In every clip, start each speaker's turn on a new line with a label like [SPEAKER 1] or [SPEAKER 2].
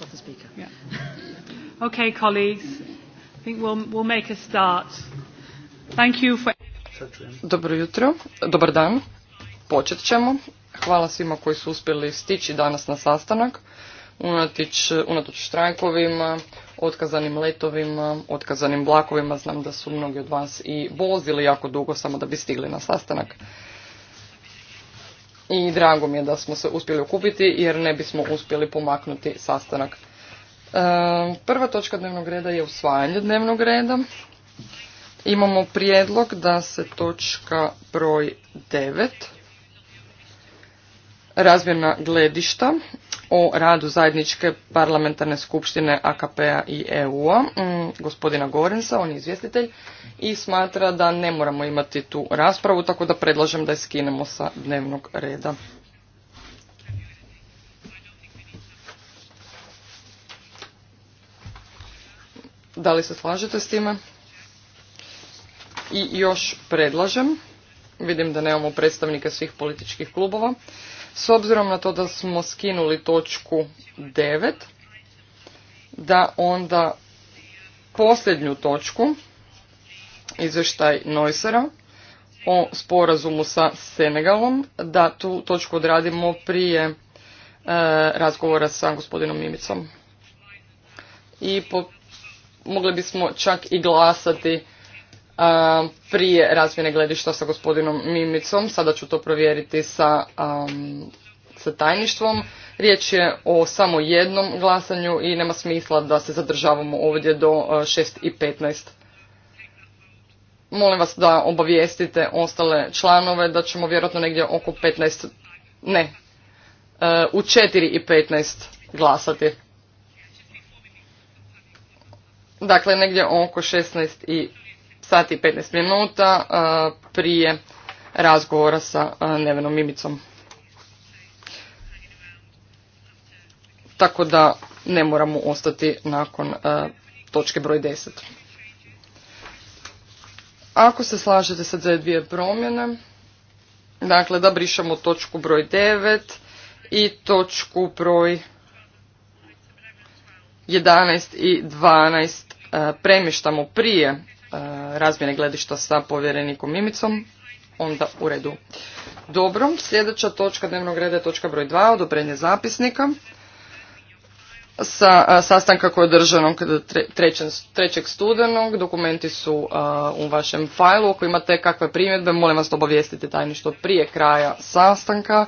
[SPEAKER 1] not the speaker.
[SPEAKER 2] Yeah. okay, colleagues. I think we'll, we'll make a start. Thank you for... Dobro jutro, dobar dan. Počet ćemo. Hvala svima koji su uspjeli stići danas na sastanak. Unatič, unatoč štrajkovima, otkazanim letovima, otkazanim vlakovima. Znam da su mnogi od vas i vozili jako dugo samo da bi stigli na sastanak i drago mi je da smo se uspjeli okupiti jer ne bismo uspjeli pomaknuti sastanak. E, prva točka dnevnog reda je usvajanje dnevnog reda. Imamo prijedlog da se točka broj 9 razmjena gledišta o radu zajedničke parlamentarne skupštine AKP-a i EU-a, mm, gospodina Gorensa, on je izvjestitelj, i smatra da ne moramo imati tu raspravu, tako da predlažem da je skinemo sa dnevnog reda. Da li se slažete s time? I još predlažem, vidim da nemamo predstavnike svih političkih klubova, s obzirom na to da smo skinuli točku 9, da onda posljednju točku, izvještaj Noisera, o sporazumu sa Senegalom, da tu točku odradimo prije e, razgovora sa gospodinom Mimicom. I mogli bismo čak i glasati prije razmjene gledišta sa gospodinom Mimicom. Sada ću to provjeriti sa, sa tajništvom. Riječ je o samo jednom glasanju i nema smisla da se zadržavamo ovdje do 6 i 15. Molim vas da obavijestite ostale članove da ćemo vjerojatno negdje oko 15, ne, e, u 4 i 15 glasati. Dakle, negdje oko 16 i sati 15 minuta e, prije razgovora sa e, Nevenom Mimicom. Tako da ne moramo ostati nakon e, točke broj 10. Ako se slažete sa dvije promjene, dakle da brišemo točku broj 9 i točku broj 11 i 12 premještamo prije E, razmjene gledišta sa povjerenikom Mimicom, onda u redu. Dobro, sljedeća točka dnevnog reda je točka broj 2, odobrenje zapisnika sa e, sastanka koje je održano trećeg studenog. Dokumenti su e, u vašem fajlu. Ako imate kakve primjedbe, molim vas obavijestite tajništvo prije kraja sastanka.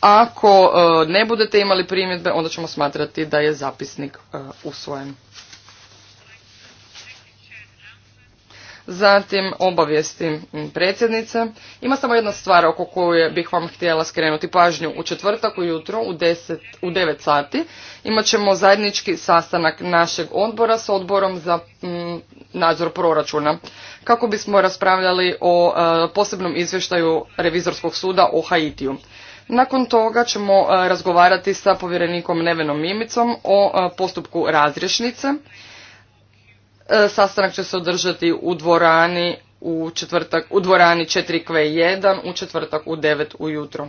[SPEAKER 2] Ako ne budete imali primjedbe, onda ćemo smatrati da je zapisnik usvojen. Zatim obavijesti predsjednice. Ima samo jedna stvar oko koju bih vam htjela skrenuti pažnju. U četvrtak ujutro u, u 9 sati imat ćemo zajednički sastanak našeg odbora s odborom za mm, nadzor proračuna kako bismo raspravljali o e, posebnom izvještaju revizorskog suda o Haitiju. Nakon toga ćemo e, razgovarati sa povjerenikom Nevenom Mimicom o e, postupku razrješnice E, sastanak će se održati u dvorani u četvrtak, u dvorani 4Q1 u četvrtak u 9 ujutro.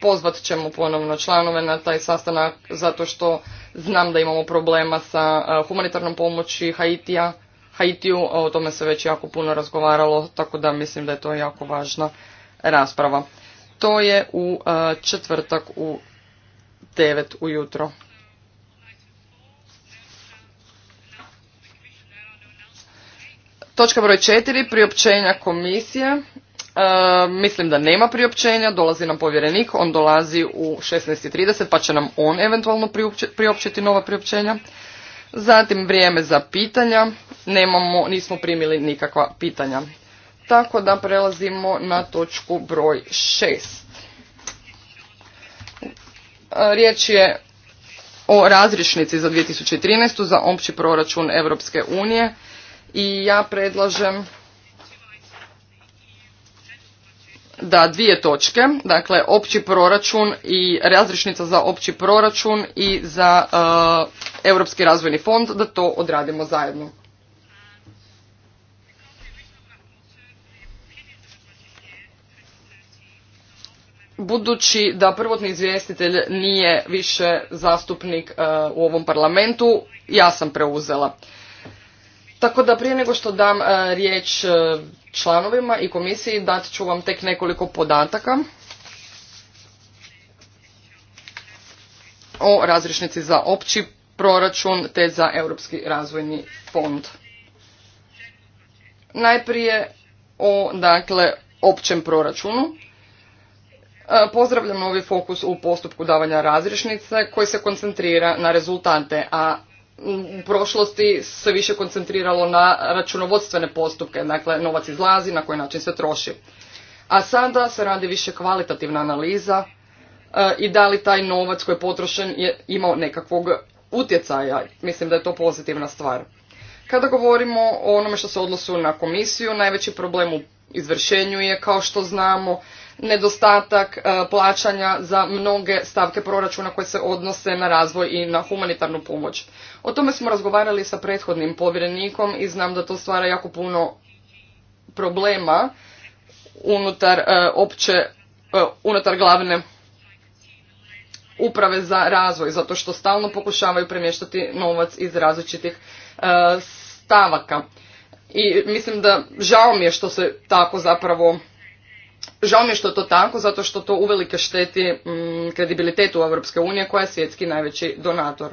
[SPEAKER 2] Pozvat ćemo ponovno članove na taj sastanak zato što znam da imamo problema sa e, humanitarnom pomoći Haitija, Haitiju, o tome se već jako puno razgovaralo, tako da mislim da je to jako važna rasprava. To je u e, četvrtak u 9 ujutro. Točka broj četiri, priopćenja komisije. E, mislim da nema priopćenja, dolazi nam povjerenik, on dolazi u 16.30 pa će nam on eventualno priopćiti nova priopćenja. Zatim vrijeme za pitanja, nemamo, nismo primili nikakva pitanja. Tako da prelazimo na točku broj šest. E, riječ je o razrišnici za 2013. za opći proračun Europske unije i ja predlažem da dvije točke, dakle opći proračun i razrišnica za opći proračun i za uh, Europski razvojni fond, da to odradimo zajedno. Budući da prvotni izvjestitelj nije više zastupnik uh, u ovom parlamentu, ja sam preuzela. Tako da prije nego što dam e, riječ e, članovima i komisiji, dat ću vam tek nekoliko podataka o razrišnici za opći proračun te za Europski razvojni fond. Najprije o dakle, općem proračunu. E, pozdravljam novi fokus u postupku davanja razrišnice koji se koncentrira na rezultate, a u prošlosti se više koncentriralo na računovodstvene postupke, dakle novac izlazi, na koji način se troši. A sada se radi više kvalitativna analiza e, i da li taj novac koji je potrošen je imao nekakvog utjecaja. Mislim da je to pozitivna stvar. Kada govorimo o onome što se odnosu na komisiju, najveći problem u izvršenju je, kao što znamo, nedostatak e, plaćanja za mnoge stavke proračuna koje se odnose na razvoj i na humanitarnu pomoć. O tome smo razgovarali sa prethodnim povjerenikom i znam da to stvara jako puno problema unutar e, opće, e, unutar glavne uprave za razvoj, zato što stalno pokušavaju premještati novac iz različitih stavaka. I mislim da žao mi je što se tako zapravo Žao mi je što je to tako, zato što to uvelike šteti mm, kredibilitetu Europske unije koja je svjetski najveći donator.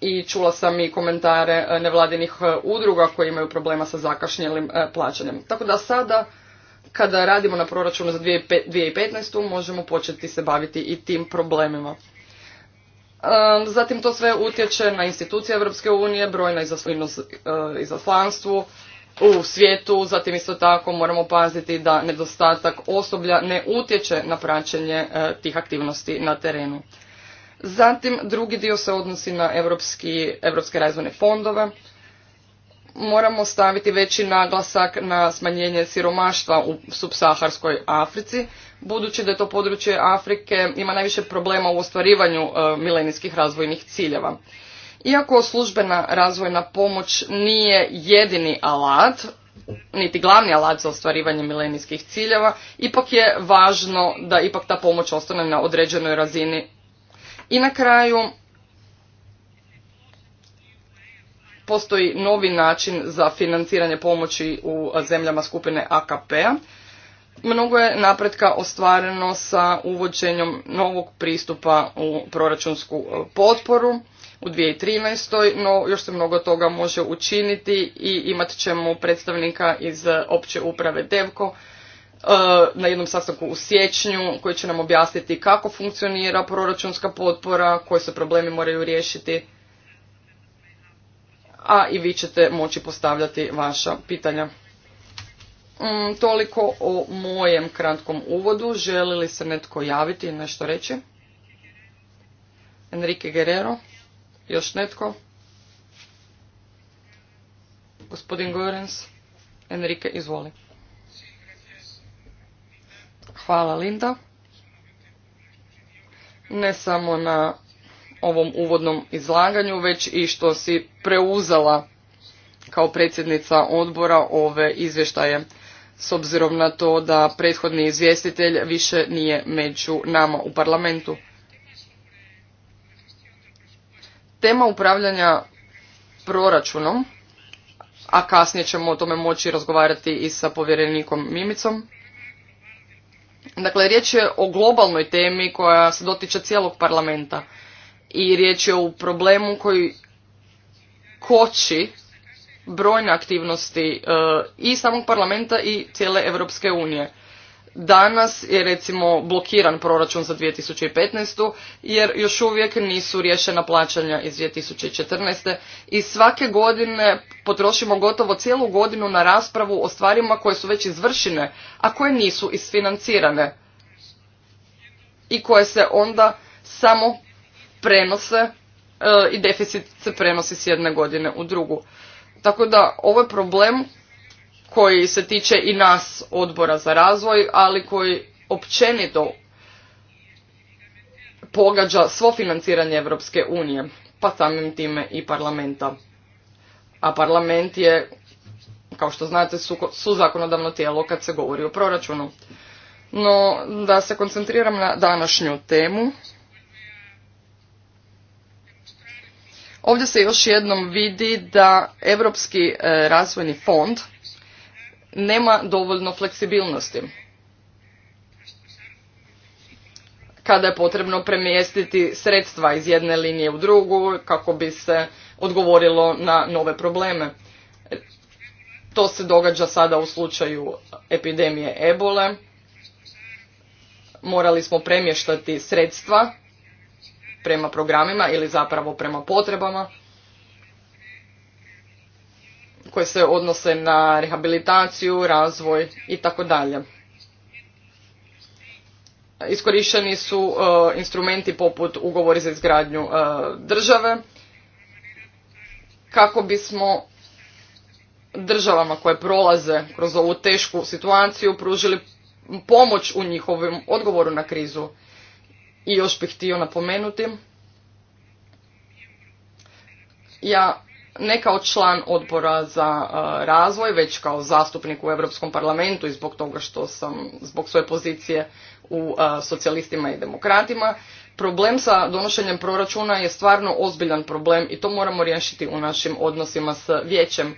[SPEAKER 2] I čula sam i komentare e, nevladinih e, udruga koji imaju problema sa zakašnjelim e, plaćanjem. Tako da sada, kada radimo na proračunu za 2015. možemo početi se baviti i tim problemima. Zatim to sve utječe na institucije Europske unije, brojna izaslanstvu, u svijetu, zatim isto tako moramo paziti da nedostatak osoblja ne utječe na praćenje e, tih aktivnosti na terenu. Zatim drugi dio se odnosi na evropski, europske razvojne fondove. Moramo staviti veći naglasak na smanjenje siromaštva u subsaharskoj Africi, budući da je to područje Afrike ima najviše problema u ostvarivanju e, milenijskih razvojnih ciljeva. Iako službena razvojna pomoć nije jedini alat, niti glavni alat za ostvarivanje milenijskih ciljeva, ipak je važno da ipak ta pomoć ostane na određenoj razini. I na kraju postoji novi način za financiranje pomoći u zemljama skupine AKP-a. Mnogo je napretka ostvareno sa uvođenjem novog pristupa u proračunsku potporu u 2013. no još se mnogo toga može učiniti i imat ćemo predstavnika iz opće uprave DEVKO e, na jednom sastanku u siječnju koji će nam objasniti kako funkcionira proračunska potpora, koji se problemi moraju riješiti, a i vi ćete moći postavljati vaša pitanja. Mm, toliko o mojem kratkom uvodu. Želi li se netko javiti i nešto reći? Enrique Guerrero. Još netko? Gospodin Gorens. Enrique, izvoli. Hvala Linda. Ne samo na ovom uvodnom izlaganju, već i što si preuzela kao predsjednica odbora ove izvještaje. S obzirom na to da prethodni izvjestitelj više nije među nama u parlamentu. Tema upravljanja proračunom, a kasnije ćemo o tome moći razgovarati i sa povjerenikom Mimicom. Dakle, riječ je o globalnoj temi koja se dotiče cijelog parlamenta i riječ je o problemu koji koči brojne aktivnosti e, i samog parlamenta i cijele Europske unije. Danas je recimo blokiran proračun za 2015. jer još uvijek nisu riješena plaćanja iz 2014. i svake godine potrošimo gotovo cijelu godinu na raspravu o stvarima koje su već izvršene, a koje nisu isfinancirane i koje se onda samo prenose e, i deficit se prenosi s jedne godine u drugu. Tako da ovo je problem koji se tiče i nas odbora za razvoj, ali koji općenito pogađa svo financiranje Europske unije, pa samim time i parlamenta. A parlament je, kao što znate, su, su zakonodavno tijelo kad se govori o proračunu. No, da se koncentriram na današnju temu. Ovdje se još jednom vidi da Europski eh, razvojni fond nema dovoljno fleksibilnosti. Kada je potrebno premjestiti sredstva iz jedne linije u drugu kako bi se odgovorilo na nove probleme. To se događa sada u slučaju epidemije ebole. Morali smo premještati sredstva prema programima ili zapravo prema potrebama koje se odnose na rehabilitaciju, razvoj i tako dalje. Iskorišteni su e, instrumenti poput ugovori za izgradnju e, države kako bismo državama koje prolaze kroz ovu tešku situaciju pružili pomoć u njihovom odgovoru na krizu. I još bih htio napomenuti, ja ne kao član odbora za e, razvoj, već kao zastupnik u Europskom parlamentu i zbog toga što sam, zbog svoje pozicije u e, socijalistima i demokratima, problem sa donošenjem proračuna je stvarno ozbiljan problem i to moramo riješiti u našim odnosima s vijećem.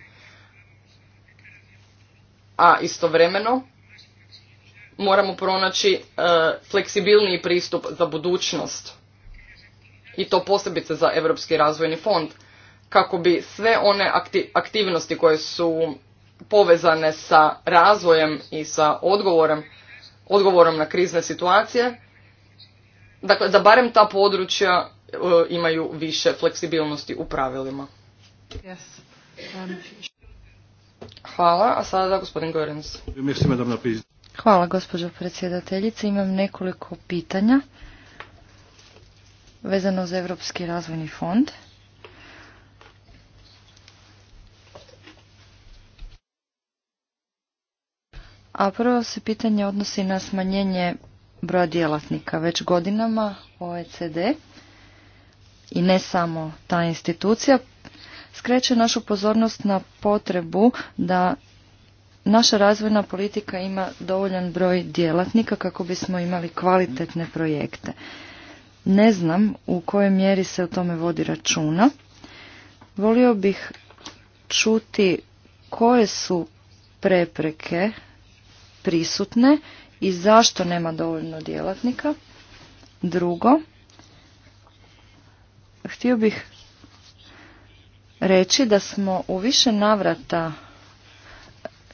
[SPEAKER 2] A istovremeno moramo pronaći e, fleksibilniji pristup za budućnost i to posebice za Europski razvojni fond kako bi sve one aktivnosti koje su povezane sa razvojem i sa odgovorom, odgovorom na krizne situacije, dakle da barem ta područja e, imaju više fleksibilnosti u pravilima. Hvala, a sada gospodin Gorens.
[SPEAKER 1] Hvala gospođo predsjedateljice. Imam nekoliko pitanja vezano za Europski razvojni fond. A prvo se pitanje odnosi na smanjenje broja djelatnika. Već godinama OECD i ne samo ta institucija skreće našu pozornost na potrebu da naša razvojna politika ima dovoljan broj djelatnika kako bismo imali kvalitetne projekte. Ne znam u kojoj mjeri se o tome vodi računa. Volio bih čuti koje su prepreke prisutne i zašto nema dovoljno djelatnika. Drugo, htio bih reći da smo u više navrata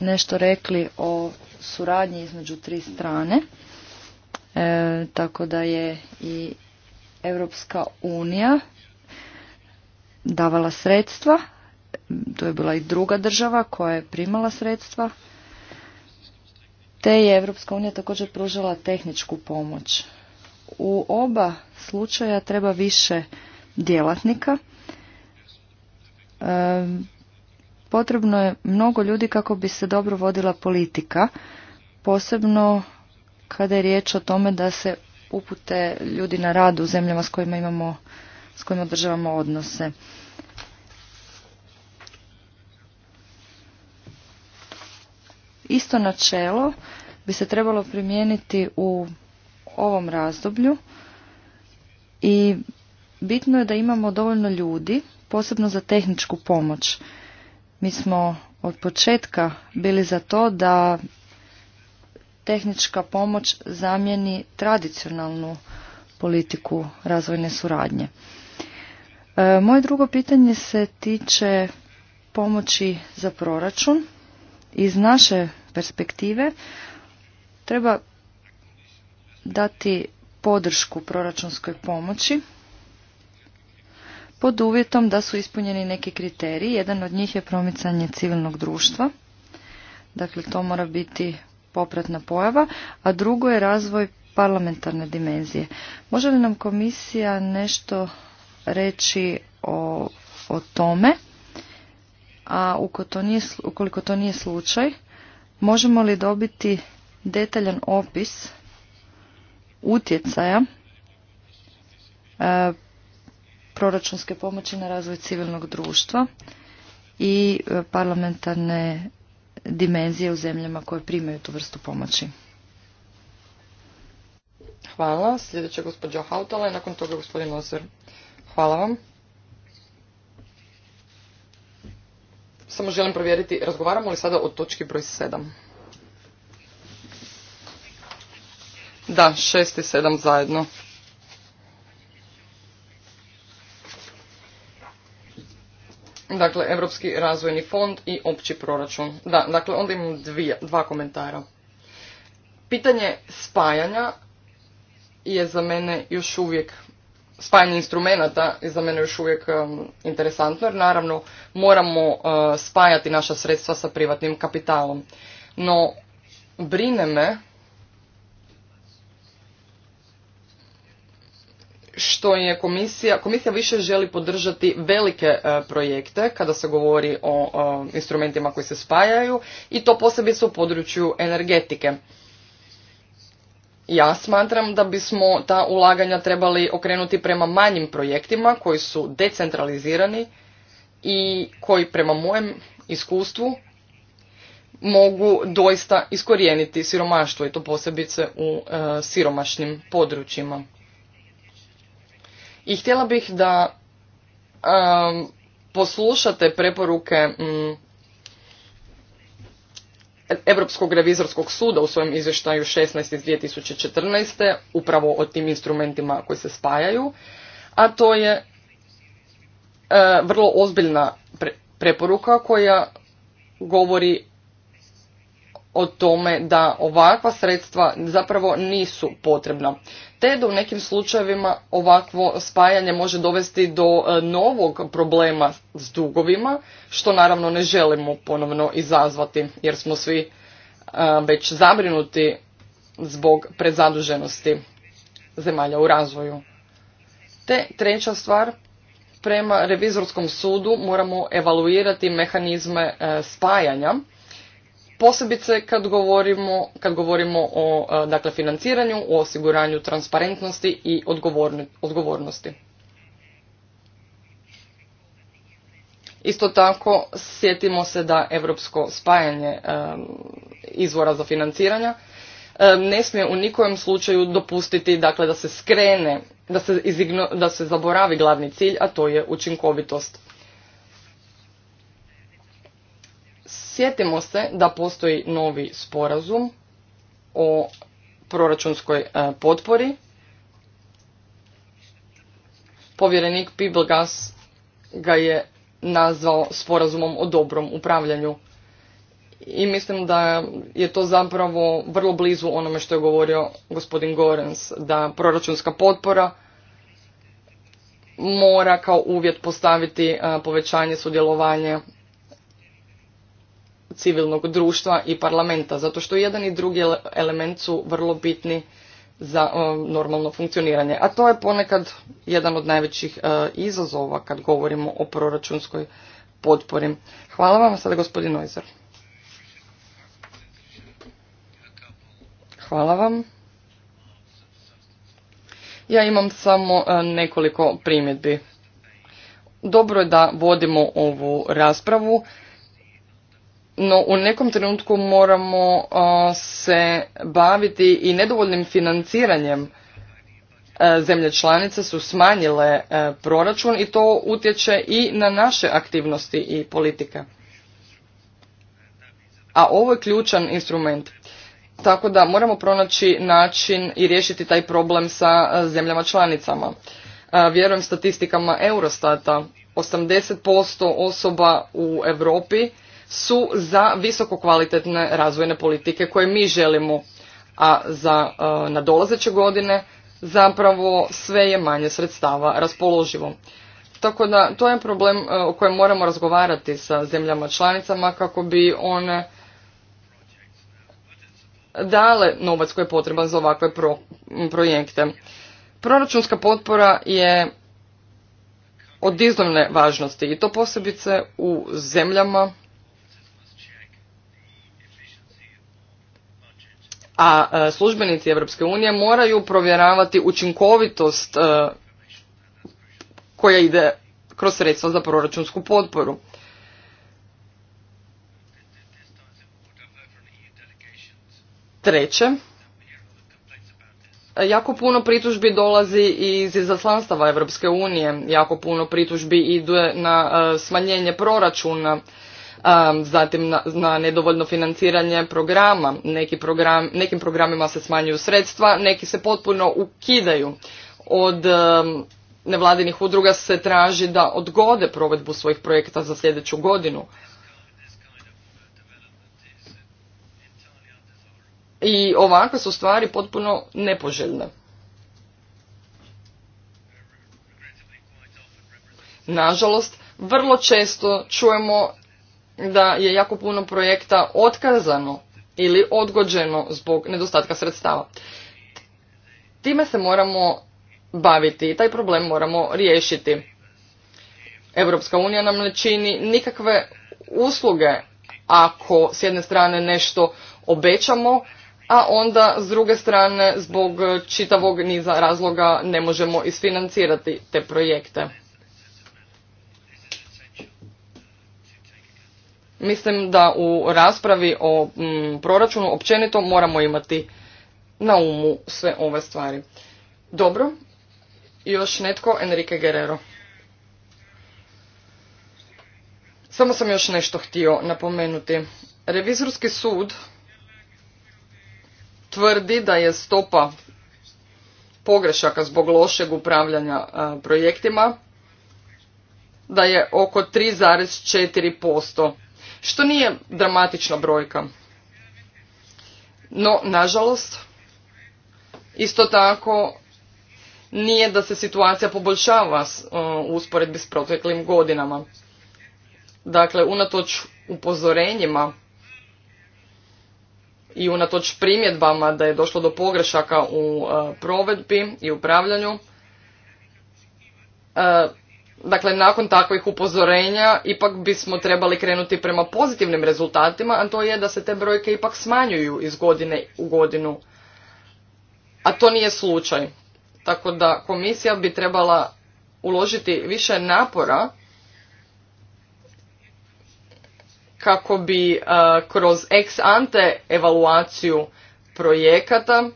[SPEAKER 1] nešto rekli o suradnji između tri strane, e, tako da je i Europska unija davala sredstva, to je bila i druga država koja je primala sredstva te je Europska unija također pružila tehničku pomoć. U oba slučaja treba više djelatnika. Potrebno je mnogo ljudi kako bi se dobro vodila politika, posebno kada je riječ o tome da se upute ljudi na rad u zemljama s kojima imamo s kojima državamo odnose. Isto načelo bi se trebalo primijeniti u ovom razdoblju i bitno je da imamo dovoljno ljudi, posebno za tehničku pomoć. Mi smo od početka bili za to da tehnička pomoć zamijeni tradicionalnu politiku razvojne suradnje. E, moje drugo pitanje se tiče pomoći za proračun. Iz naše perspektive treba dati podršku proračunskoj pomoći pod uvjetom da su ispunjeni neki kriteriji. Jedan od njih je promicanje civilnog društva. Dakle, to mora biti popratna pojava. A drugo je razvoj parlamentarne dimenzije. Može li nam komisija nešto reći o, o tome? A ukoliko to nije, ukoliko to nije slučaj, Možemo li dobiti detaljan opis utjecaja e, proračunske pomoći na razvoj civilnog društva i e, parlamentarne dimenzije u zemljama koje primaju tu vrstu pomoći?
[SPEAKER 2] Hvala. Sljedeća gospođa Hautala i nakon toga gospodin Ozer. Hvala vam. Samo želim provjeriti, razgovaramo li sada o točki broj sedam. Da, šest i sedam zajedno. Dakle, Europski razvojni fond i opći proračun. Da, dakle, onda imam dva komentara. Pitanje spajanja je za mene još uvijek spajanje instrumenata je za mene još uvijek interesantno jer naravno moramo eh, spajati naša sredstva sa privatnim kapitalom. No, brine me što je komisija, komisija više želi podržati velike eh, projekte kada se govori o eh, instrumentima koji se spajaju i to posebice u području energetike. Ja smatram da bismo ta ulaganja trebali okrenuti prema manjim projektima koji su decentralizirani i koji prema mojem iskustvu mogu doista iskorijeniti siromaštvo i to posebice u e, siromašnim područjima. I htjela bih da e, poslušate preporuke Europskog revizorskog suda u svojem izvještaju 16 iz 2014. upravo o tim instrumentima koji se spajaju, a to je e, vrlo ozbiljna preporuka koja govori o tome da ovakva sredstva zapravo nisu potrebna. Te da u nekim slučajevima ovakvo spajanje može dovesti do e, novog problema s dugovima, što naravno ne želimo ponovno izazvati jer smo svi e, već zabrinuti zbog prezaduženosti zemalja u razvoju. Te treća stvar, prema revizorskom sudu moramo evaluirati mehanizme e, spajanja posebice kad govorimo, kad govorimo o e, dakle, financiranju, o osiguranju transparentnosti i odgovornosti. Isto tako sjetimo se da europsko spajanje e, izvora za financiranja e, ne smije u nikojem slučaju dopustiti dakle, da se skrene, da se, izigno, da se zaboravi glavni cilj, a to je učinkovitost. Sjetimo se da postoji novi sporazum o proračunskoj e, potpori. Povjerenik Piblgas ga je nazvao sporazumom o dobrom upravljanju. I mislim da je to zapravo vrlo blizu onome što je govorio gospodin Gorens, da proračunska potpora mora kao uvjet postaviti e, povećanje sudjelovanja civilnog društva i parlamenta, zato što jedan i drugi element su vrlo bitni za normalno funkcioniranje. A to je ponekad jedan od najvećih e, izazova kad govorimo o proračunskoj potpori. Hvala vam sada gospodin Hvala vam. Ja imam samo e, nekoliko primjedbi. Dobro je da vodimo ovu raspravu no u nekom trenutku moramo se baviti i nedovoljnim financiranjem zemlje članice su smanjile proračun i to utječe i na naše aktivnosti i politike. A ovo je ključan instrument. Tako da moramo pronaći način i riješiti taj problem sa zemljama članicama. Vjerujem statistikama Eurostata, 80% osoba u Europi su za visoko kvalitetne razvojne politike koje mi želimo, a za e, nadolazeće godine zapravo sve je manje sredstava raspoloživo. Tako da to je problem e, o kojem moramo razgovarati sa zemljama članicama kako bi one dale novac koji je potreban za ovakve projekte. Proračunska potpora je od iznimne važnosti i to posebice u zemljama a e, službenici Europske unije moraju provjeravati učinkovitost e, koja ide kroz sredstva za proračunsku potporu. Treće, jako puno pritužbi dolazi iz izaslanstava Europske unije, jako puno pritužbi ide na e, smanjenje proračuna zatim na, nedovoljno financiranje programa. Neki program, nekim programima se smanjuju sredstva, neki se potpuno ukidaju. Od nevladinih udruga se traži da odgode provedbu svojih projekta za sljedeću godinu. I ovakve su stvari potpuno nepoželjne. Nažalost, vrlo često čujemo da je jako puno projekta otkazano ili odgođeno zbog nedostatka sredstava. Time se moramo baviti i taj problem moramo riješiti. Europska unija nam ne čini nikakve usluge ako s jedne strane nešto obećamo, a onda s druge strane zbog čitavog niza razloga ne možemo isfinancirati te projekte. Mislim da u raspravi o mm, proračunu općenito moramo imati na umu sve ove stvari. Dobro, još netko, Enrique Guerrero. Samo sam još nešto htio napomenuti. Revizorski sud tvrdi da je stopa pogrešaka zbog lošeg upravljanja e, projektima da je oko 3,4% što nije dramatična brojka. No, nažalost, isto tako nije da se situacija poboljšava e, u usporedbi s proteklim godinama. Dakle, unatoč upozorenjima i unatoč primjedbama da je došlo do pogrešaka u e, provedbi i upravljanju, e, Dakle, nakon takvih upozorenja ipak bismo trebali krenuti prema pozitivnim rezultatima, a to je da se te brojke ipak smanjuju iz godine u godinu. A to nije slučaj. Tako da komisija bi trebala uložiti više napora kako bi kroz ex ante evaluaciju projekata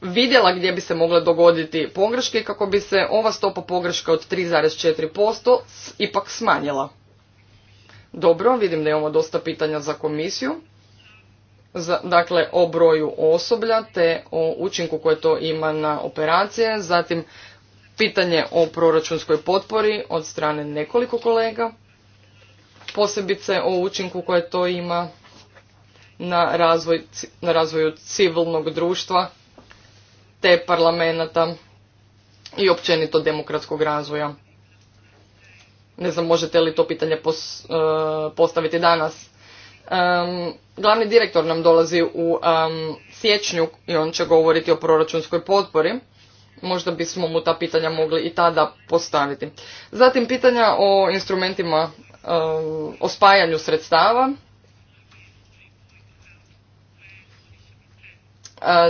[SPEAKER 2] vidjela gdje bi se mogle dogoditi pogreške kako bi se ova stopa pogreška od 3,4% ipak smanjila. Dobro, vidim da imamo dosta pitanja za komisiju. dakle, o broju osoblja te o učinku koje to ima na operacije. Zatim, pitanje o proračunskoj potpori od strane nekoliko kolega. Posebice o učinku koje to ima na, razvoj, na razvoju civilnog društva te parlamenta i općenito demokratskog razvoja. Ne znam možete li to pitanje e, postaviti danas. Um, glavni direktor nam dolazi u um, siječnju i on će govoriti o proračunskoj potpori. Možda bismo mu ta pitanja mogli i tada postaviti. Zatim pitanja o instrumentima, o spajanju sredstava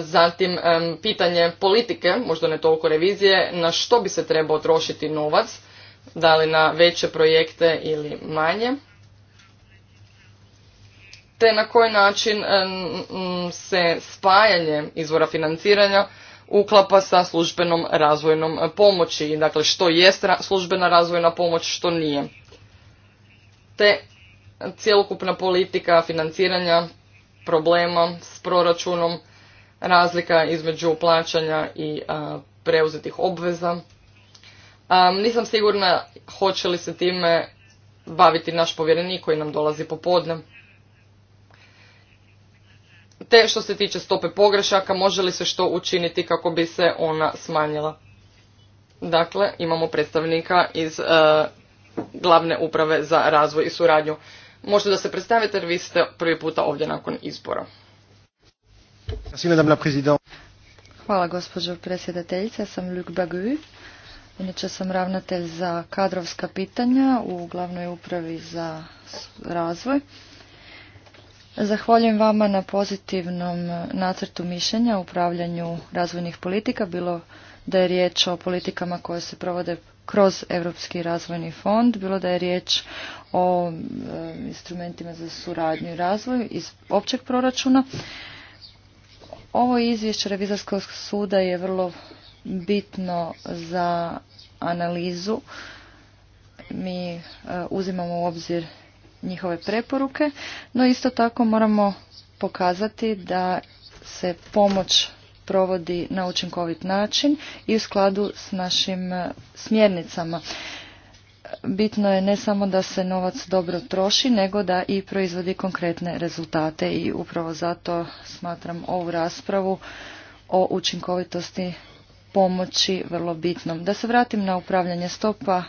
[SPEAKER 2] zatim pitanje politike, možda ne toliko revizije, na što bi se trebao trošiti novac, da li na veće projekte ili manje, te na koji način se spajanje izvora financiranja uklapa sa službenom razvojnom pomoći, dakle što je službena razvojna pomoć, što nije. Te cjelokupna politika financiranja problema s proračunom, razlika između plaćanja i preuzetih obveza. Nisam sigurna hoće li se time baviti naš povjerenik koji nam dolazi popodne. Te što se tiče stope pogrešaka, može li se što učiniti kako bi se ona smanjila? Dakle, imamo predstavnika iz glavne uprave za razvoj i suradnju. Možete da se predstavite jer vi ste prvi puta ovdje nakon izbora.
[SPEAKER 1] Hvala gospođo predsjedateljice, ja sam Luc Bagu. Inače sam ravnatelj za kadrovska pitanja u glavnoj upravi za razvoj. Zahvaljujem vama na pozitivnom nacrtu mišljenja o upravljanju razvojnih politika, bilo da je riječ o politikama koje se provode kroz Europski razvojni fond, bilo da je riječ o e, instrumentima za suradnju i razvoj iz općeg proračuna. Ovo izvješće Revizorskog suda je vrlo bitno za analizu. Mi e, uzimamo u obzir njihove preporuke, no isto tako moramo pokazati da se pomoć provodi na učinkovit način i u skladu s našim e, smjernicama bitno je ne samo da se novac dobro troši, nego da i proizvodi konkretne rezultate i upravo zato smatram ovu raspravu o učinkovitosti pomoći vrlo bitnom. Da se vratim na upravljanje stopa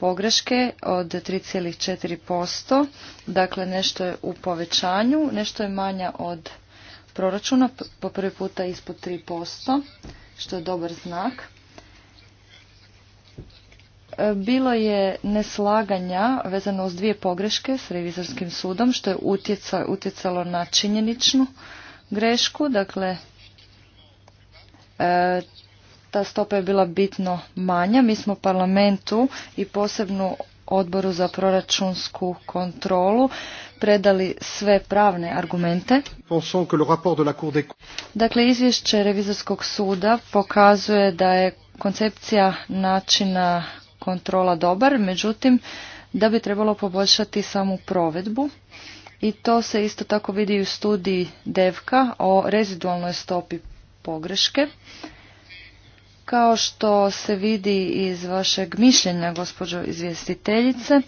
[SPEAKER 1] pogreške od 3,4%, dakle nešto je u povećanju, nešto je manja od proračuna, po prvi puta ispod 3%, što je dobar znak. E, bilo je neslaganja vezano uz dvije pogreške s revizorskim sudom, što je utjecalo na činjeničnu grešku. Dakle, e, ta stopa je bila bitno manja. Mi smo parlamentu i posebnu odboru za proračunsku kontrolu predali sve pravne argumente. Dakle, izvješće revizorskog suda pokazuje da je koncepcija načina kontrola dobar, međutim da bi trebalo poboljšati samu provedbu i to se isto tako vidi u studiji Devka o rezidualnoj stopi pogreške. Kao što se vidi iz vašeg mišljenja, gospođo izvjestiteljice,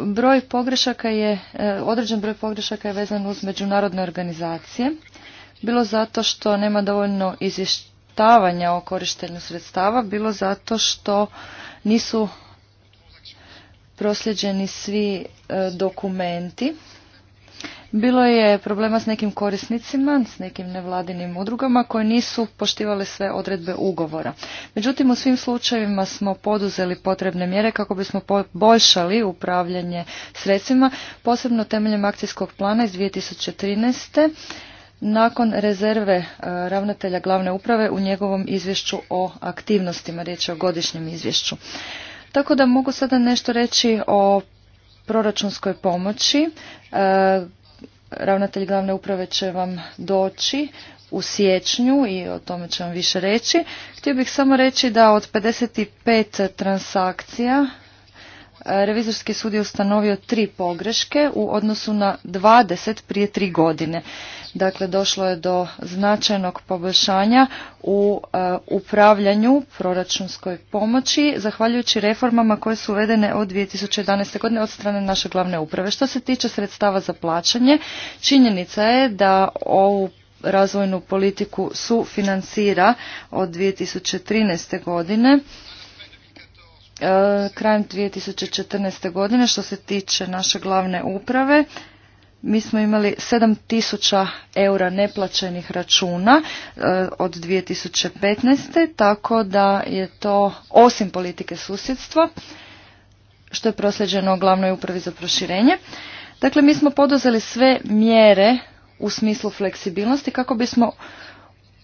[SPEAKER 1] broj pogrešaka je, e, određen broj pogrešaka je vezan uz međunarodne organizacije, bilo zato što nema dovoljno izvješća izvještavanja o korištenju sredstava bilo zato što nisu prosljeđeni svi e, dokumenti. Bilo je problema s nekim korisnicima, s nekim nevladinim udrugama koje nisu poštivale sve odredbe ugovora. Međutim, u svim slučajevima smo poduzeli potrebne mjere kako bismo poboljšali upravljanje sredstvima, posebno temeljem akcijskog plana iz 2013 nakon rezerve e, ravnatelja glavne uprave u njegovom izvješću o aktivnostima, riječ je o godišnjem izvješću. Tako da mogu sada nešto reći o proračunskoj pomoći. E, ravnatelj glavne uprave će vam doći u siječnju i o tome ću vam više reći. Htio bih samo reći da od 55 transakcija e, Revizorski sud je ustanovio tri pogreške u odnosu na 20 prije tri godine. Dakle, došlo je do značajnog poboljšanja u uh, upravljanju proračunskoj pomoći, zahvaljujući reformama koje su uvedene od 2011. godine od strane naše glavne uprave. Što se tiče sredstava za plaćanje, činjenica je da ovu razvojnu politiku financira od 2013. godine uh, krajem 2014. godine što se tiče naše glavne uprave mi smo imali 7000 eura neplaćenih računa e, od 2015. tako da je to osim politike susjedstva što je prosljeđeno glavnoj upravi za proširenje. Dakle, mi smo poduzeli sve mjere u smislu fleksibilnosti kako bismo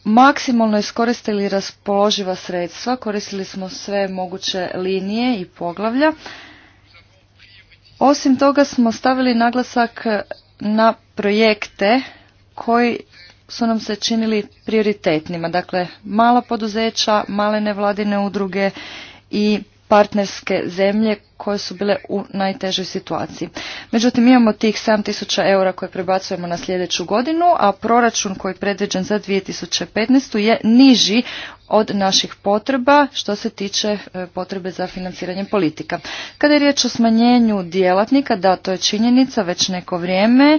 [SPEAKER 1] maksimalno iskoristili raspoloživa sredstva, koristili smo sve moguće linije i poglavlja. Osim toga smo stavili naglasak na projekte koji su nam se činili prioritetnima. Dakle, mala poduzeća, male nevladine udruge i partnerske zemlje koje su bile u najtežoj situaciji. Međutim, imamo tih 7000 eura koje prebacujemo na sljedeću godinu, a proračun koji je predviđen za 2015. je niži od naših potreba što se tiče e, potrebe za financiranje politika. Kada je riječ o smanjenju djelatnika, da, to je činjenica već neko vrijeme.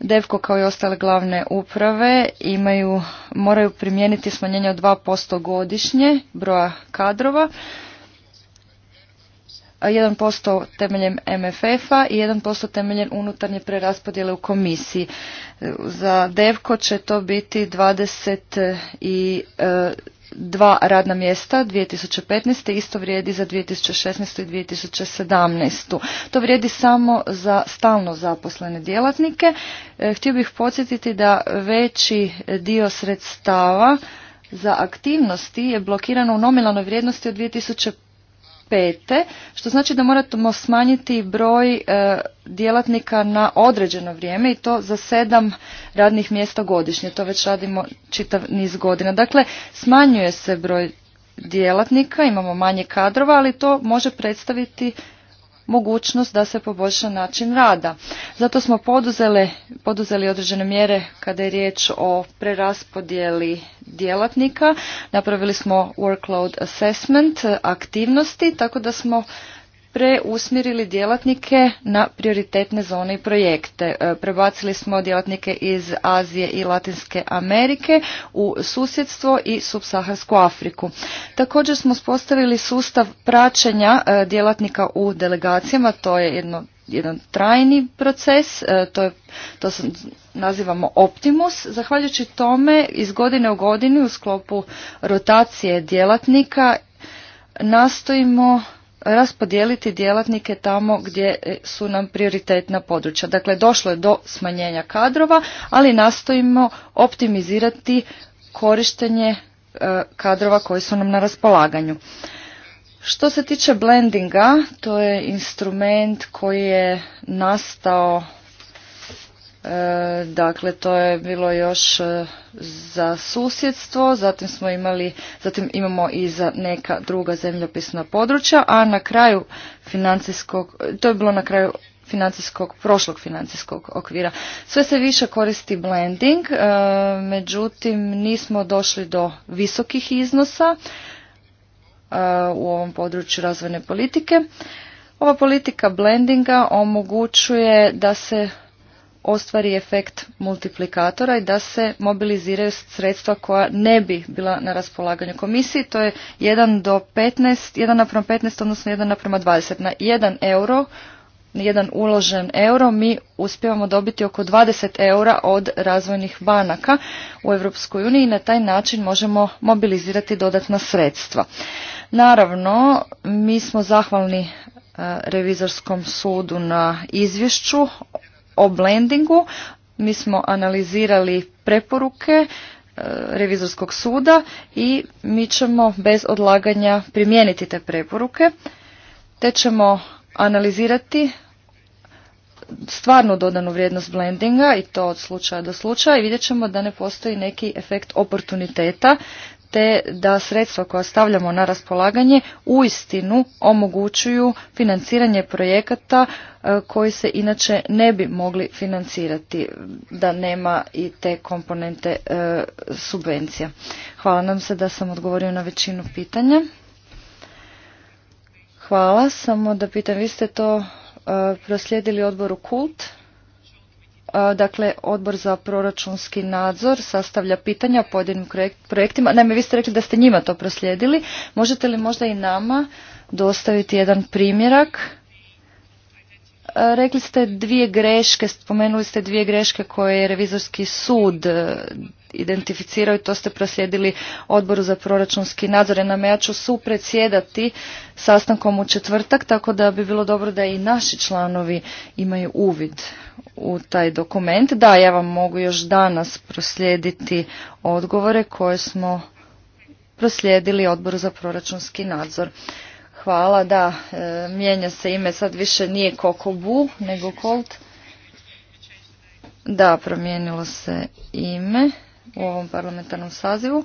[SPEAKER 1] Devko kao i ostale glavne uprave imaju, moraju primijeniti smanjenje od 2% godišnje broja kadrova 1% temeljem MFF-a i 1% temeljem unutarnje preraspodjele u komisiji. Za Devko će to biti dva radna mjesta 2015. Isto vrijedi za 2016. i 2017. To vrijedi samo za stalno zaposlene djelatnike. E, htio bih podsjetiti da veći dio sredstava za aktivnosti je blokirano u nominalnoj vrijednosti od 2015 pete što znači da moramo smanjiti broj e, djelatnika na određeno vrijeme i to za sedam radnih mjesta godišnje. To već radimo čitav niz godina. Dakle, smanjuje se broj djelatnika, imamo manje kadrova, ali to može predstaviti mogućnost da se poboljša način rada. Zato smo poduzeli, poduzeli određene mjere kada je riječ o preraspodjeli djelatnika. Napravili smo workload assessment aktivnosti, tako da smo preusmjerili djelatnike na prioritetne zone i projekte. E, prebacili smo djelatnike iz Azije i Latinske Amerike u susjedstvo i subsaharsku Afriku. Također smo spostavili sustav praćenja e, djelatnika u delegacijama, to je jedno jedan trajni proces, e, to, je, to nazivamo Optimus. Zahvaljujući tome, iz godine u godinu u sklopu rotacije djelatnika nastojimo raspodijeliti djelatnike tamo gdje e, su nam prioritetna područja. Dakle, došlo je do smanjenja kadrova, ali nastojimo optimizirati korištenje e, kadrova koji su nam na raspolaganju. Što se tiče blendinga, to je instrument koji je nastao E, dakle, to je bilo još e, za susjedstvo, zatim smo imali, zatim imamo i za neka druga zemljopisna područja, a na kraju financijskog, to je bilo na kraju financijskog, prošlog financijskog okvira. Sve se više koristi blending, e, međutim nismo došli do visokih iznosa u ovom području razvojne politike. Ova politika blendinga omogućuje da se ostvari efekt multiplikatora i da se mobiliziraju sredstva koja ne bi bila na raspolaganju komisiji. To je 1 do 15, 1 naprema 15, odnosno 1 naprema 20. Na 1 euro, jedan uložen euro, mi uspijevamo dobiti oko 20 eura od razvojnih banaka u Europskoj uniji i na taj način možemo mobilizirati dodatna sredstva. Naravno, mi smo zahvalni e, revizorskom sudu na izvješću o blendingu. Mi smo analizirali preporuke e, revizorskog suda i mi ćemo bez odlaganja primijeniti te preporuke, te ćemo analizirati stvarnu dodanu vrijednost blendinga i to od slučaja do slučaja i vidjet ćemo da ne postoji neki efekt oportuniteta te da sredstva koja stavljamo na raspolaganje uistinu omogućuju financiranje projekata e, koji se inače ne bi mogli financirati da nema i te komponente e, subvencija. Hvala nam se da sam odgovorio na većinu pitanja. Hvala, samo da pitam, vi ste to e, proslijedili odboru KULT? Dakle, odbor za proračunski nadzor sastavlja pitanja o pojedinim projektima. Naime, vi ste rekli da ste njima to proslijedili. Možete li možda i nama dostaviti jedan primjerak? Rekli ste dvije greške, spomenuli ste dvije greške koje je revizorski sud e, identificirao i to ste proslijedili odboru za proračunski nadzor. E, naime, ja ću supredsjedati sastankom u četvrtak, tako da bi bilo dobro da i naši članovi imaju uvid u taj dokument. Da, ja vam mogu još danas proslijediti odgovore koje smo proslijedili odboru za proračunski nadzor. Hvala, da, e, mijenja se ime, sad više nije Bu, nego Kolt. Da, promijenilo se ime u ovom parlamentarnom sazivu.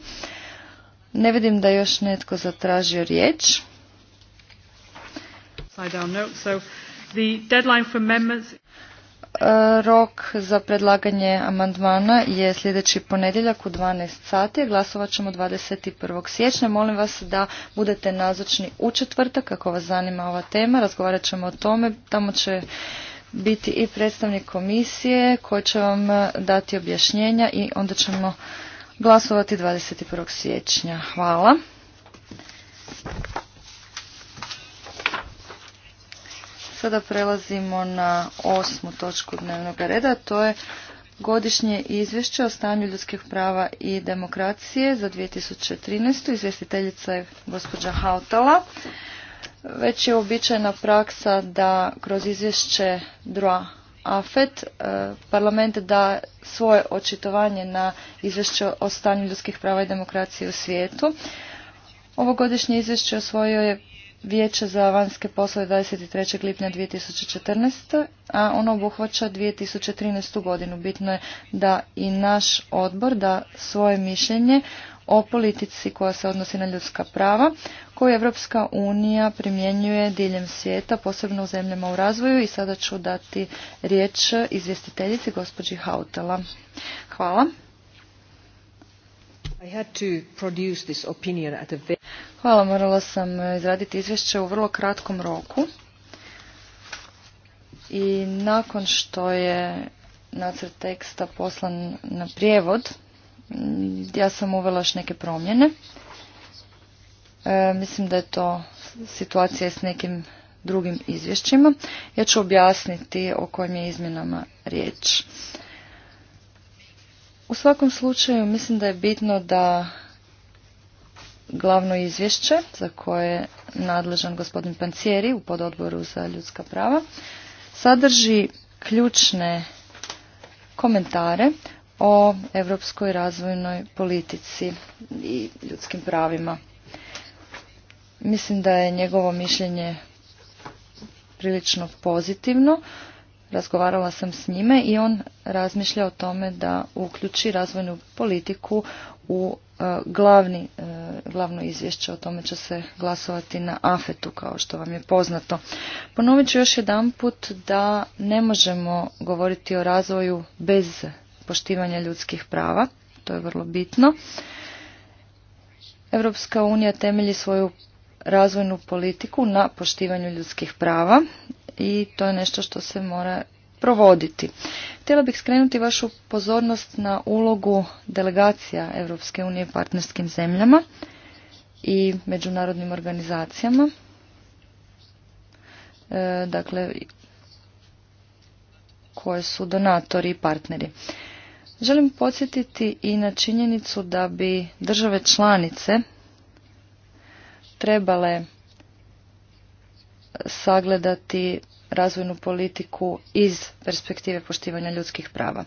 [SPEAKER 1] Ne vidim da još netko zatražio riječ. Rok za predlaganje amandmana je sljedeći ponedjeljak u 12 sati. Glasovat ćemo 21. siječnja. Molim vas da budete nazočni u četvrtak ako vas zanima ova tema. Razgovarat ćemo o tome. Tamo će biti i predstavnik komisije koji će vam dati objašnjenja i onda ćemo glasovati 21. siječnja. Hvala. Sada prelazimo na osmu točku dnevnog reda, to je Godišnje izvješće o stanju ljudskih prava i demokracije za 2013. Izvjestiteljica je gospođa Hautala. Već je uobičajena praksa da kroz izvješće DROA AFET eh, parlament da svoje očitovanje na izvješće o stanju ljudskih prava i demokracije u svijetu. Ovo godišnje izvješće osvojio je Vijeće za vanjske poslove 23. lipnja 2014. a ono obuhvaća 2013. godinu. Bitno je da i naš odbor da svoje mišljenje o politici koja se odnosi na ljudska prava koju Evropska unija primjenjuje diljem svijeta, posebno u zemljama u razvoju i sada ću dati riječ izvjestiteljici gospođi Hautela. Hvala. I had Hvala, morala sam e, izraditi izvješće u vrlo kratkom roku. I nakon što je nacrt teksta poslan na prijevod, mm, ja sam uvela još neke promjene. E, mislim da je to situacija s nekim drugim izvješćima. Ja ću objasniti o kojim je izmjenama riječ. U svakom slučaju mislim da je bitno da glavno izvješće za koje je nadležan gospodin Pancieri u pododboru za ljudska prava sadrži ključne komentare o europskoj razvojnoj politici i ljudskim pravima. Mislim da je njegovo mišljenje prilično pozitivno. Razgovarala sam s njime i on razmišlja o tome da uključi razvojnu politiku u E, glavni, e, glavno izvješće o tome će se glasovati na afetu kao što vam je poznato. Ponovit ću još jedan put da ne možemo govoriti o razvoju bez poštivanja ljudskih prava, to je vrlo bitno. Europska unija temelji svoju razvojnu politiku na poštivanju ljudskih prava i to je nešto što se mora provoditi. Htjela bih skrenuti vašu pozornost na ulogu delegacija Europske unije partnerskim zemljama i međunarodnim organizacijama. E, dakle, koje su donatori i partneri. Želim podsjetiti i na činjenicu da bi države članice trebale sagledati razvojnu politiku iz perspektive poštivanja ljudskih prava.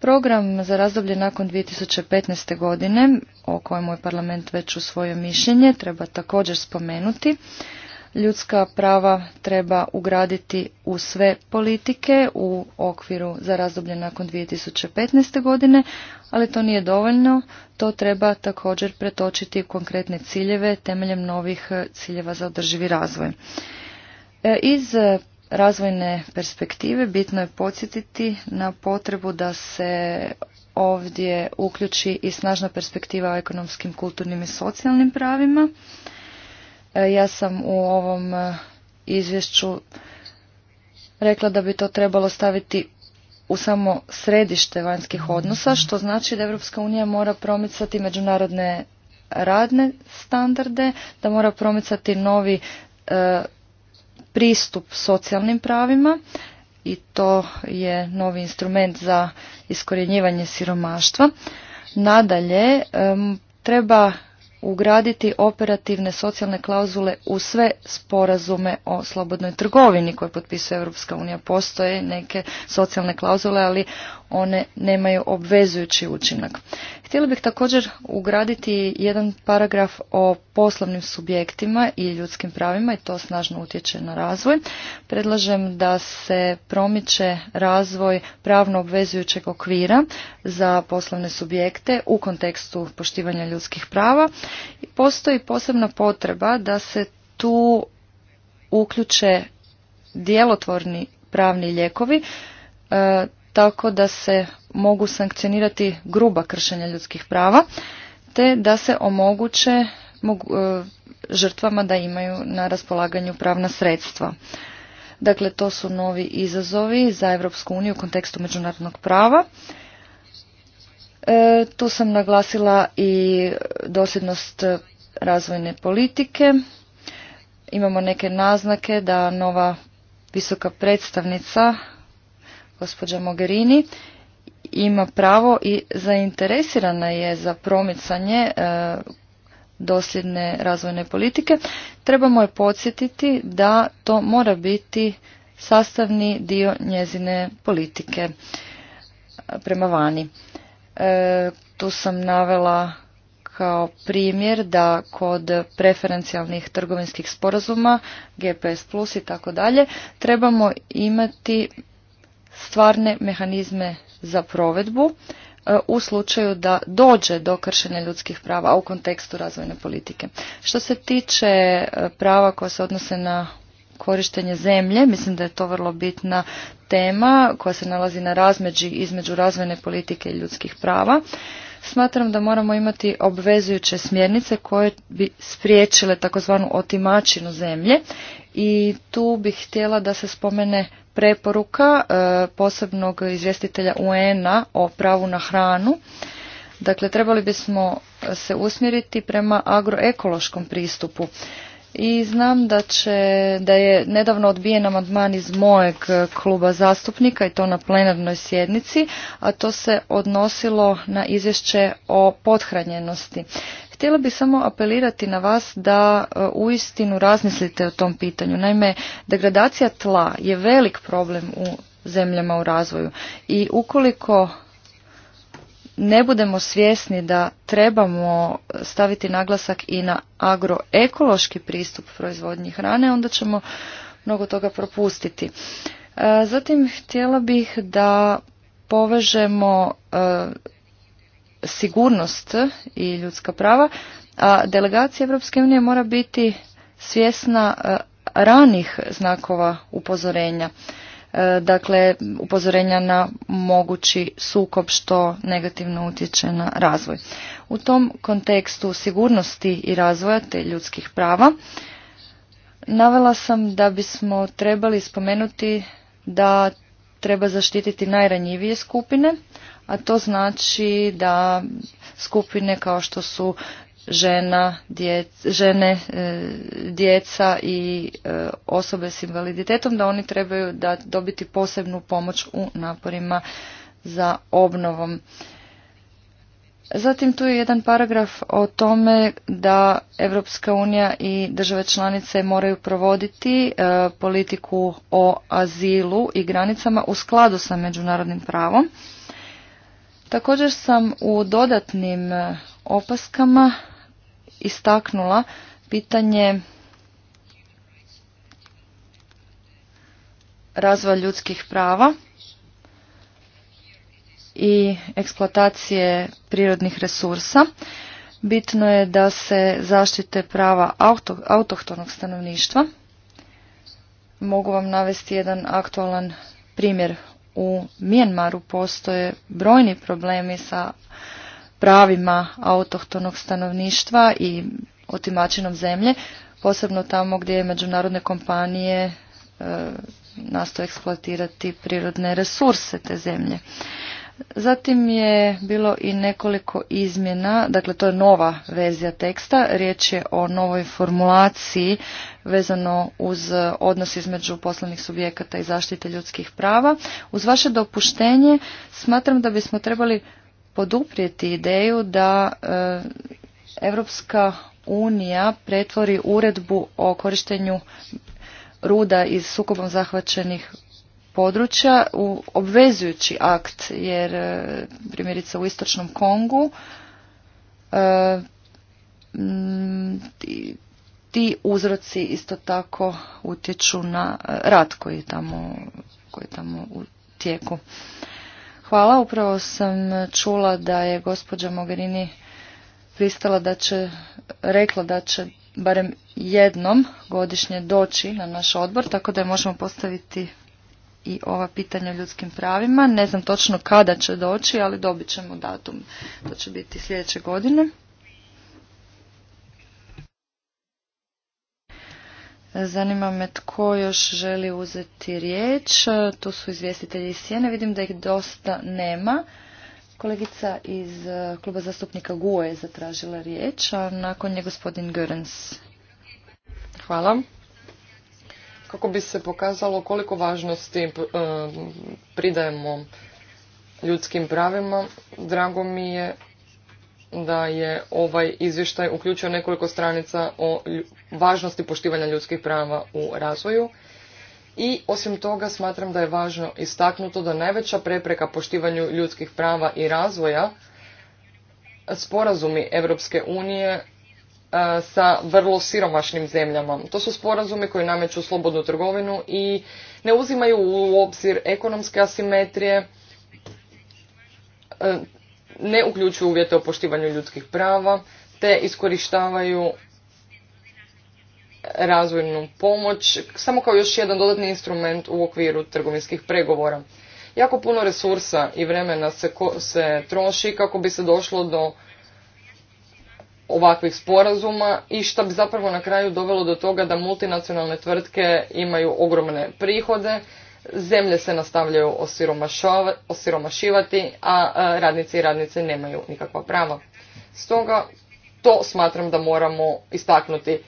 [SPEAKER 1] Program za razdoblje nakon 2015. godine, o kojemu je parlament već usvojio mišljenje, treba također spomenuti. Ljudska prava treba ugraditi u sve politike u okviru za razdoblje nakon 2015. godine, ali to nije dovoljno, to treba također pretočiti u konkretne ciljeve temeljem novih ciljeva za održivi razvoj. E, iz razvojne perspektive bitno je podsjetiti na potrebu da se ovdje uključi i snažna perspektiva o ekonomskim, kulturnim i socijalnim pravima. E, ja sam u ovom e, izvješću rekla da bi to trebalo staviti u samo središte vanjskih odnosa, što znači da Europska unija mora promicati međunarodne radne standarde, da mora promicati novi e, pristup socijalnim pravima i to je novi instrument za iskorjenjivanje siromaštva. Nadalje, treba ugraditi operativne socijalne klauzule u sve sporazume o slobodnoj trgovini koje potpisuje Europska unija. Postoje neke socijalne klauzule, ali one nemaju obvezujući učinak. Htjela bih također ugraditi jedan paragraf o poslovnim subjektima i ljudskim pravima i to snažno utječe na razvoj. Predlažem da se promiče razvoj pravno obvezujućeg okvira za poslovne subjekte u kontekstu poštivanja ljudskih prava. Postoji posebna potreba da se tu uključe djelotvorni pravni lijekovi e, tako da se mogu sankcionirati gruba kršenja ljudskih prava, te da se omoguće e, žrtvama da imaju na raspolaganju pravna sredstva. Dakle, to su novi izazovi za Europsku uniju u kontekstu međunarodnog prava. E, tu sam naglasila i dosljednost razvojne politike. Imamo neke naznake da nova visoka predstavnica gospođa Mogherini ima pravo i zainteresirana je za promicanje e, dosljedne razvojne politike, trebamo je podsjetiti da to mora biti sastavni dio njezine politike e, prema vani. E, tu sam navela kao primjer da kod preferencijalnih trgovinskih sporazuma, GPS plus i tako dalje, trebamo imati stvarne mehanizme za provedbu e, u slučaju da dođe do kršenja ljudskih prava u kontekstu razvojne politike. Što se tiče e, prava koja se odnose na korištenje zemlje, mislim da je to vrlo bitna tema koja se nalazi na razmeđi između razvojne politike i ljudskih prava. Smatram da moramo imati obvezujuće smjernice koje bi spriječile takozvanu otimačinu zemlje i tu bih htjela da se spomene preporuka e, posebnog izvjestitelja UN-a o pravu na hranu. Dakle, trebali bismo se usmjeriti prema agroekološkom pristupu. I znam da, će, da je nedavno odbijen amandman iz mojeg kluba zastupnika i to na plenarnoj sjednici, a to se odnosilo na izvješće o pothranjenosti. Htjela bih samo apelirati na vas da e, uistinu razmislite o tom pitanju. Naime, degradacija tla je velik problem u zemljama u razvoju i ukoliko ne budemo svjesni da trebamo staviti naglasak i na agroekološki pristup proizvodnji hrane, onda ćemo mnogo toga propustiti. E, zatim htjela bih da povežemo e, sigurnost i ljudska prava, a delegacija Europske unije mora biti svjesna e, ranih znakova upozorenja. E, dakle, upozorenja na mogući sukob što negativno utječe na razvoj. U tom kontekstu sigurnosti i razvoja te ljudskih prava navela sam da bismo trebali spomenuti da treba zaštititi najranjivije skupine, a to znači da skupine kao što su žena, žene, e, djeca i e, osobe s invaliditetom, da oni trebaju da dobiti posebnu pomoć u naporima za obnovom. Zatim tu je jedan paragraf o tome da Europska unija i države članice moraju provoditi e, politiku o azilu i granicama u skladu sa međunarodnim pravom. Također sam u dodatnim e, opaskama istaknula pitanje razvoja ljudskih prava i eksploatacije prirodnih resursa. Bitno je da se zaštite prava autohtonog stanovništva. Mogu vam navesti jedan aktualan primjer u Mijenmaru postoje brojni problemi sa pravima autohtonog stanovništva i otimačinom zemlje, posebno tamo gdje međunarodne kompanije e, nastoje eksploatirati prirodne resurse te zemlje. Zatim je bilo i nekoliko izmjena, dakle to je nova verzija teksta, riječ je o novoj formulaciji vezano uz odnos između poslovnih subjekata i zaštite ljudskih prava. Uz vaše dopuštenje smatram da bismo trebali poduprijeti ideju da Europska unija pretvori uredbu o korištenju ruda iz sukobom zahvaćenih područja u obvezujući akt, jer e, primjerice u Istočnom Kongu e, ti uzroci isto tako utječu na e, rat koji tamo, koji tamo u tijeku. Hvala, upravo sam čula da je gospođa Mogherini pristala da će, rekla da će barem jednom godišnje doći na naš odbor, tako da je možemo postaviti i ova pitanja ljudskim pravima. Ne znam točno kada će doći, ali dobit ćemo datum. To će biti sljedeće godine. Zanima me tko još želi uzeti riječ. Tu su izvjestitelji iz Sjene. Vidim da ih dosta nema. Kolegica iz kluba zastupnika GUO je zatražila riječ, a nakon je
[SPEAKER 2] gospodin Görens. Hvala kako bi se pokazalo koliko važnosti e, pridajemo ljudskim pravima. Drago mi je da je ovaj izvještaj uključio nekoliko stranica o važnosti poštivanja ljudskih prava u razvoju. I osim toga smatram da je važno istaknuto da najveća prepreka poštivanju ljudskih prava i razvoja sporazumi Europske unije E, sa vrlo siromašnim zemljama. To su sporazumi koji nameću slobodnu trgovinu i ne uzimaju u obzir ekonomske asimetrije, e, ne uključuju uvjete o poštivanju ljudskih prava, te iskorištavaju razvojnu pomoć, samo kao još jedan dodatni instrument u okviru trgovinskih pregovora. Jako puno resursa i vremena se, se troši kako bi se došlo do ovakvih sporazuma i što bi zapravo na kraju dovelo do toga da multinacionalne tvrtke imaju ogromne prihode, zemlje se nastavljaju osiromašivati, a radnici i radnice nemaju nikakva prava. Stoga to smatram da moramo istaknuti.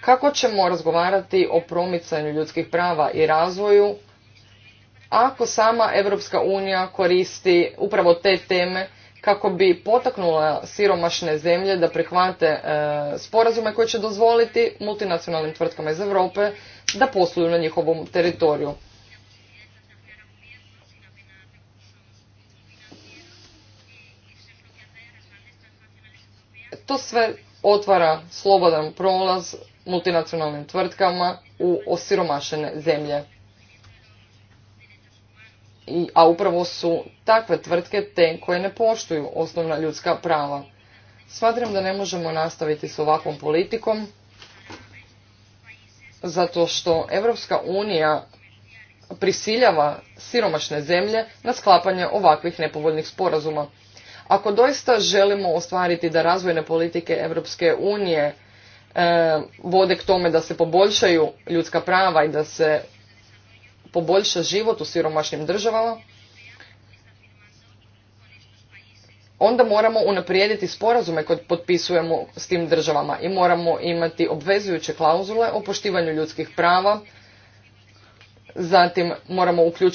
[SPEAKER 2] Kako ćemo razgovarati o promicanju ljudskih prava i razvoju ako sama Europska unija koristi upravo te teme kako bi potaknula siromašne zemlje da prihvate e, sporazume koje će dozvoliti multinacionalnim tvrtkama iz Europe da posluju na njihovom teritoriju. To sve otvara slobodan prolaz multinacionalnim tvrtkama u osiromašene zemlje a upravo su takve tvrtke te koje ne poštuju osnovna ljudska prava. Smatram da ne možemo nastaviti s ovakvom politikom, zato što Europska unija prisiljava siromašne zemlje na sklapanje ovakvih nepovoljnih sporazuma. Ako doista želimo ostvariti da razvojne politike Europske unije e, vode k tome da se poboljšaju ljudska prava i da se poboljša život u siromašnim državama, onda moramo unaprijediti sporazume koje potpisujemo s tim državama i moramo imati obvezujuće klauzule o poštivanju ljudskih prava, zatim moramo uključiti